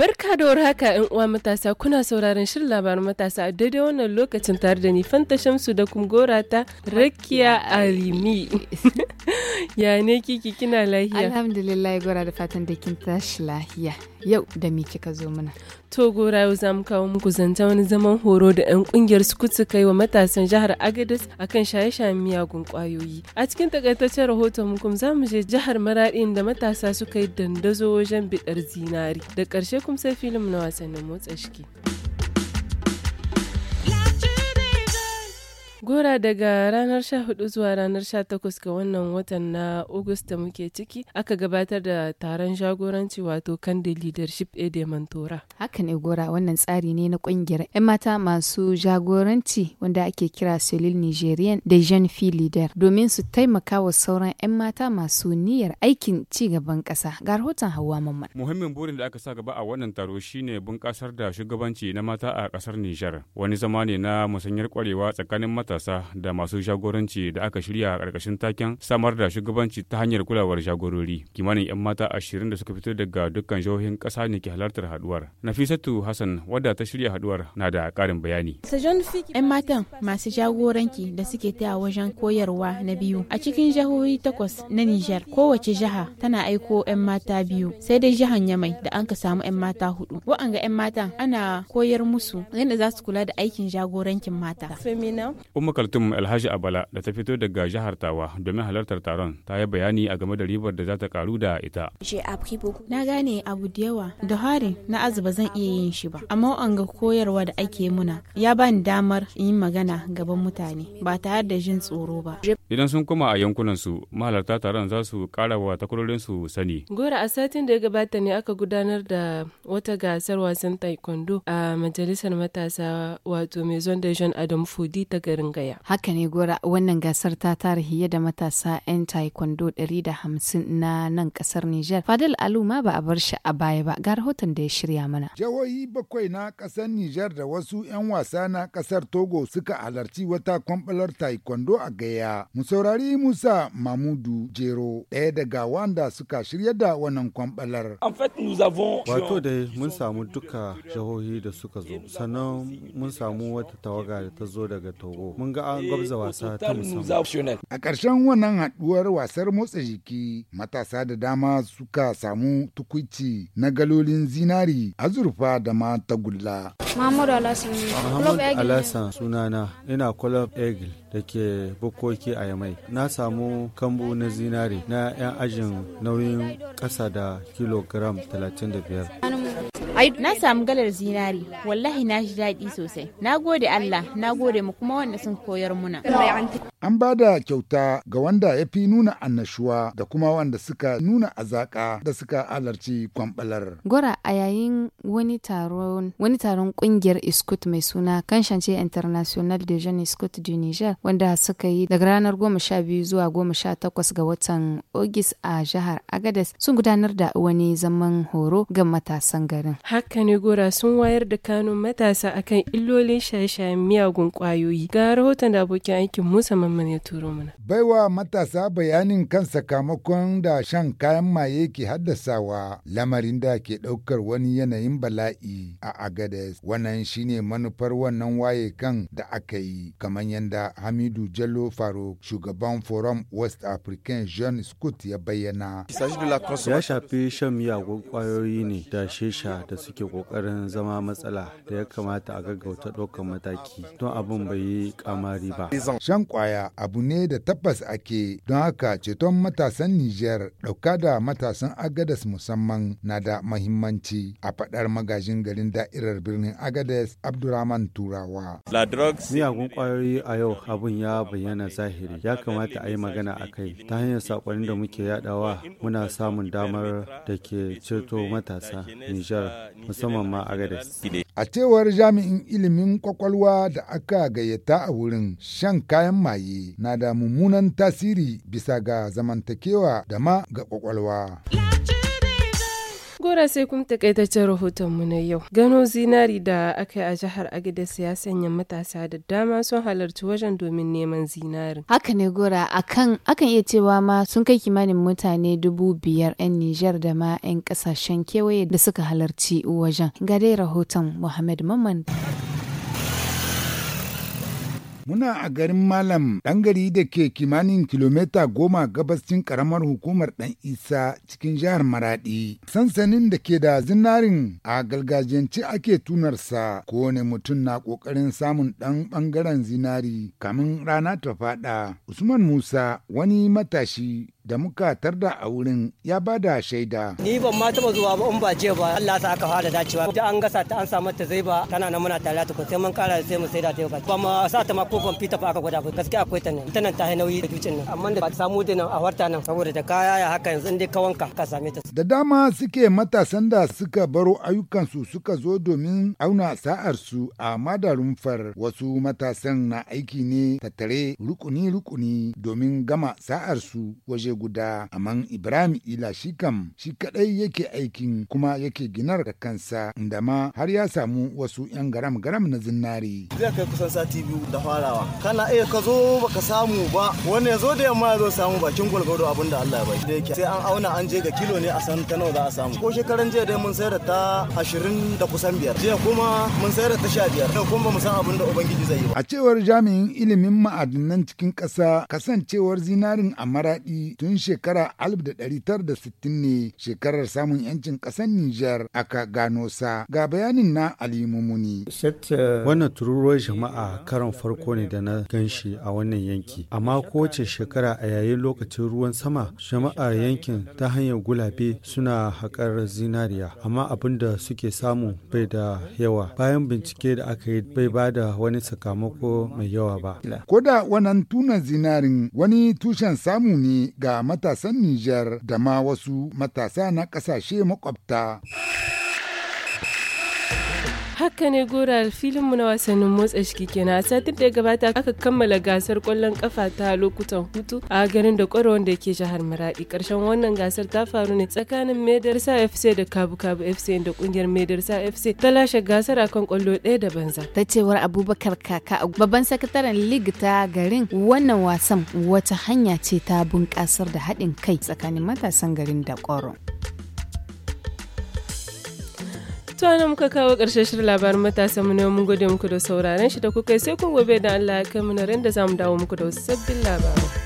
Barka da haka in uwa matasa kuna sauraron shirin labarin matasa a daidai wannan lokacin tare da ni Fanta Shamsu da kuma gora ta Rakiya alimi ya ne kiki kina lahiya? Alhamdulillah gora da fatan da kin tashi lahiya. Yau da me kika zo mana? To gora yau zamu kawo muku zanta wani zaman horo da 'yan kungiyar su suka yi wa matasan jihar Agadez kan shaye-shayen miyagun kwayoyi. A cikin takaitaccen rahoton mu kuma zamu je jihar Maraɗin da matasa suka yi dandazo wajen bidar zinari. Da ƙarshe معكم سافي منوع سنموت أشكي Gora daga ranar 14 zuwa ranar 18 ga wannan watan na Agusta muke ciki aka gabatar da taron jagoranci wato Kande Leadership Ede Mantora. Haka ne Gora wannan tsari ne na kungiyar 'yan mata masu jagoranci wanda ake kira Solil Nigerian da Jean fi Leader domin su taimaka wa sauran 'yan mata masu niyyar aikin ci gaban ƙasa. Ga rahoton hawa Mamman. Muhimmin burin da aka sa gaba a wannan taro shine bunƙasar da shugabanci na mata a kasar niger Wani zama ne na musanyar kwarewa tsakanin mata matasa da masu jagoranci da aka shirya a ƙarƙashin taken samar da shugabanci ta hanyar kulawar jagorori. Kimanin 'yan mata ashirin da suka fito daga dukkan jihohin ƙasa ne ke halartar haduwar. Nafisatu Hassan wadda ta shirya haduwar na da ƙarin bayani. 'Yan matan masu jagoranci da suke ta wajen koyarwa na biyu a cikin jihohi takwas na Nijar kowace jiha tana aiko 'yan mata biyu sai dai jihar Yamai da an ka samu 'yan mata hudu. Wa'anga 'yan matan ana koyar musu yadda za su kula da aikin jagorancin mata. Umma Kaltum Alhaji Abala da ta fito daga jihar Tawa domin halartar taron ta yi bayani a game da ribar da za ta karu da ita. Na gane abu da yawa da hari na azuba zan iya yin shi ba, amma an koyarwa da ake muna ya bani damar in yi magana gaban mutane ba tare da jin tsoro ba. Idan sun koma a yankunan su mahalarta taron za su kara wa takwarorin su sani. Gora a satin da ya gabata ne aka gudanar da wata gasar wasan taekwondo a majalisar matasa wato Maison de Jean Adam Fodi ta garin gaya. Haka ne gora wannan gasar ta tarihi da matasa 'yan taekwondo 150 na nan kasar Nijar. Fadil Alu ba a bar shi a baya ba ga rahoton da ya shirya mana. Jihohi bakwai na kasar Nijar da wasu 'yan wasa na kasar Togo suka halarci wata kwamfalar taekwondo a gaya. Mu saurari Musa Mamudu Jero ɗaya daga wanda suka shirya da wannan kwamfalar. Wato da mun samu duka jihohi da suka zo sannan mun samu wata tawaga da ta zo daga Togo. mun ga an eh, gwabza wasa ta musamman. A ƙarshen wannan haɗuwar wasar motsa jiki matasa da dama suka samu tukuici na galolin zinari azurfa da ma tagulla. Mahmud Alasan. Mahmud Alasan sunana ina Club Eagle da ke bukoki a Yamai. Na samu kambu na zinari na 'yan ajin nauyin ƙasa da kilogram 35. na samu galar zinari wallahi na ji daɗi sosai na gode Allah na gode mu kuma wanda sun koyar muna an ba da kyauta ga wanda ya fi nuna annashuwa da kuma wanda suka nuna azaƙa da suka halarci kwambalar gora a yayin wani taron wani taron kungiyar iskut mai suna kanshance international de jeune iskut du niger wanda suka yi daga ranar goma sha biyu zuwa goma sha takwas ga watan ogis a jihar agadas sun gudanar da wani zaman horo ga matasan garin Haka ne gora sun wayar da kanun matasa akan illolin shaye-shayen miyagun kwayoyi. Ga rahoton da abokin aikin Musa Mamman ya turo mana. Baiwa matasa bayanin kan sakamakon da shan kayan maye ke haddasawa lamarin da ke ɗaukar wani yanayin bala'i a Agades. Wannan shine manufar wannan waye kan da aka yi kamar yadda Hamidu Jallo Faruk shugaban Forum West African John Scott ya bayyana. Ya shafi shan miyagun kwayoyi ne da shesha da suke kokarin zama matsala da ya kamata a gaggauta ɗaukar mataki don abin bai yi kamari ba. Shan kwaya abu ne da tabbas ake don haka ceton matasan Nijar ɗauka da matasan Agadas musamman na da mahimmanci a faɗar magajin garin da'irar birnin Agadas Abdurrahman Turawa. Miyagun kwayoyi a yau abun ya bayyana zahiri ya kamata a yi magana a kai ta hanyar saƙonin da muke yadawa muna samun damar da ke ceto matasa Nijar musamman ma Agadez. A cewar jami'in ilimin kwakwalwa da aka gayyata a wurin shan kayan maye na da mummunan tasiri bisa ga zamantakewa da ma ga kwakwalwa. Gora sai kuma takaitaccen mu na yau. Gano zinari da aka yi a jihar agida ya sanya matasa da dama sun halarci wajen domin neman zinari. Haka ne Gora akan akan iya cewa ma sun kai kimanin mutane dubu biyar 'yan Nijar da ma 'yan kasashen kewaye da suka halarci wajen. Ga dai rahoton Muhammad Mamman. muna a garin Malam ɗan gari da ke kimanin kilomita goma gabascin karamar hukumar ɗan Isa cikin jihar Maraɗi. Sansanin da ke da zinarin a gargajiyance ake tunarsa kowane mutum na ƙoƙarin samun ɗan ɓangaren zinari kamin rana ta faɗa. Usman Musa wani matashi da muka tarda a wurin ya ba da shaida. Ni ban ma taba zuwa ba in ba je ba Allah sa aka fara dacewa. Da an gasa ta an sa mata zai ba tana nan muna tare ta sai mun kara sai mu sai da ta yau. Ba ma sa ta ma ko fita ba aka gwada ba gaskiya akwai ta nan. Ita nan ta hai nauyi da dukin nan amma da ba ta samu da nan a warta nan saboda da kaya ya haka yanzu dai kawanka ka same ta. Da dama suke matasan da suka baro su suka zo domin auna sa'ar su a rumfar wasu matasan na aiki ne tattare rukuni-rukuni domin gama sa'ar su waje guda amma Ibrahim Ila shi kam shi kadai yake aikin kuma yake ginar da kansa inda ma har ya samu wasu 'yan garam garam na zinari. Zai kai kusan sati biyu da farawa. Kana iya ka zo baka samu ba wani ya zo da yamma ya zo samu bakin gwalgwado abin da Allah ya bai. Da yake sai an auna an je ga kilo ne a san ta nawa za a samu. Ko shekaran jiya dai mun sayar da ta ashirin da kusan biyar. Jiya kuma mun sayar da ta sha biyar. Yau kuma mu san abin da Ubangiji zai yi ba. A cewar jami'in ilimin ma'adinan cikin ƙasa kasancewar zinarin a maraɗi tun tun shekara 1960 ne shekarar samun yancin ƙasar Nijar aka gano sa ga bayanin na Ali Mumuni. Euh, wannan tururuwar jama'a karon farko ne da na ganshi a wannan yanki. Amma kowace shekara a yayin lokacin ruwan sama jama'a yankin ta hanyar gulabe suna haƙar zinariya amma abin da suke samu bai da yawa bayan bincike da aka yi bai ba da wani sakamako mai yawa ba. ko da wannan tunan zinarin wani tushen samu ne ga ga matasan Nijar da ma wasu matasa na ƙasashe makwabta. Haka ne gora filin mu na wasannin motsa shi kenan a satin da gabata aka kammala gasar kwallon kafa ta lokutan hutu a garin da kwaro wanda ke jihar Maradi. Karshen wannan gasar ta faru ne tsakanin Medarsa FC da Kabu Kabu FC inda kungiyar Medarsa FC ta lashe gasar akan kwallo ɗaya da banza. Ta cewar Abubakar Kaka babban sakataren lig ta garin wannan wasan wata hanya ce ta bunƙasar da haɗin kai tsakanin matasan garin da kwaro. To ana muka kawo ƙarshen shirin labarin matasan mu ne mun gode muku da sauraron shi da kuka sai kun gobe da Allah ya kai mu na da zamu dawo muku da wasu sabbin labarai.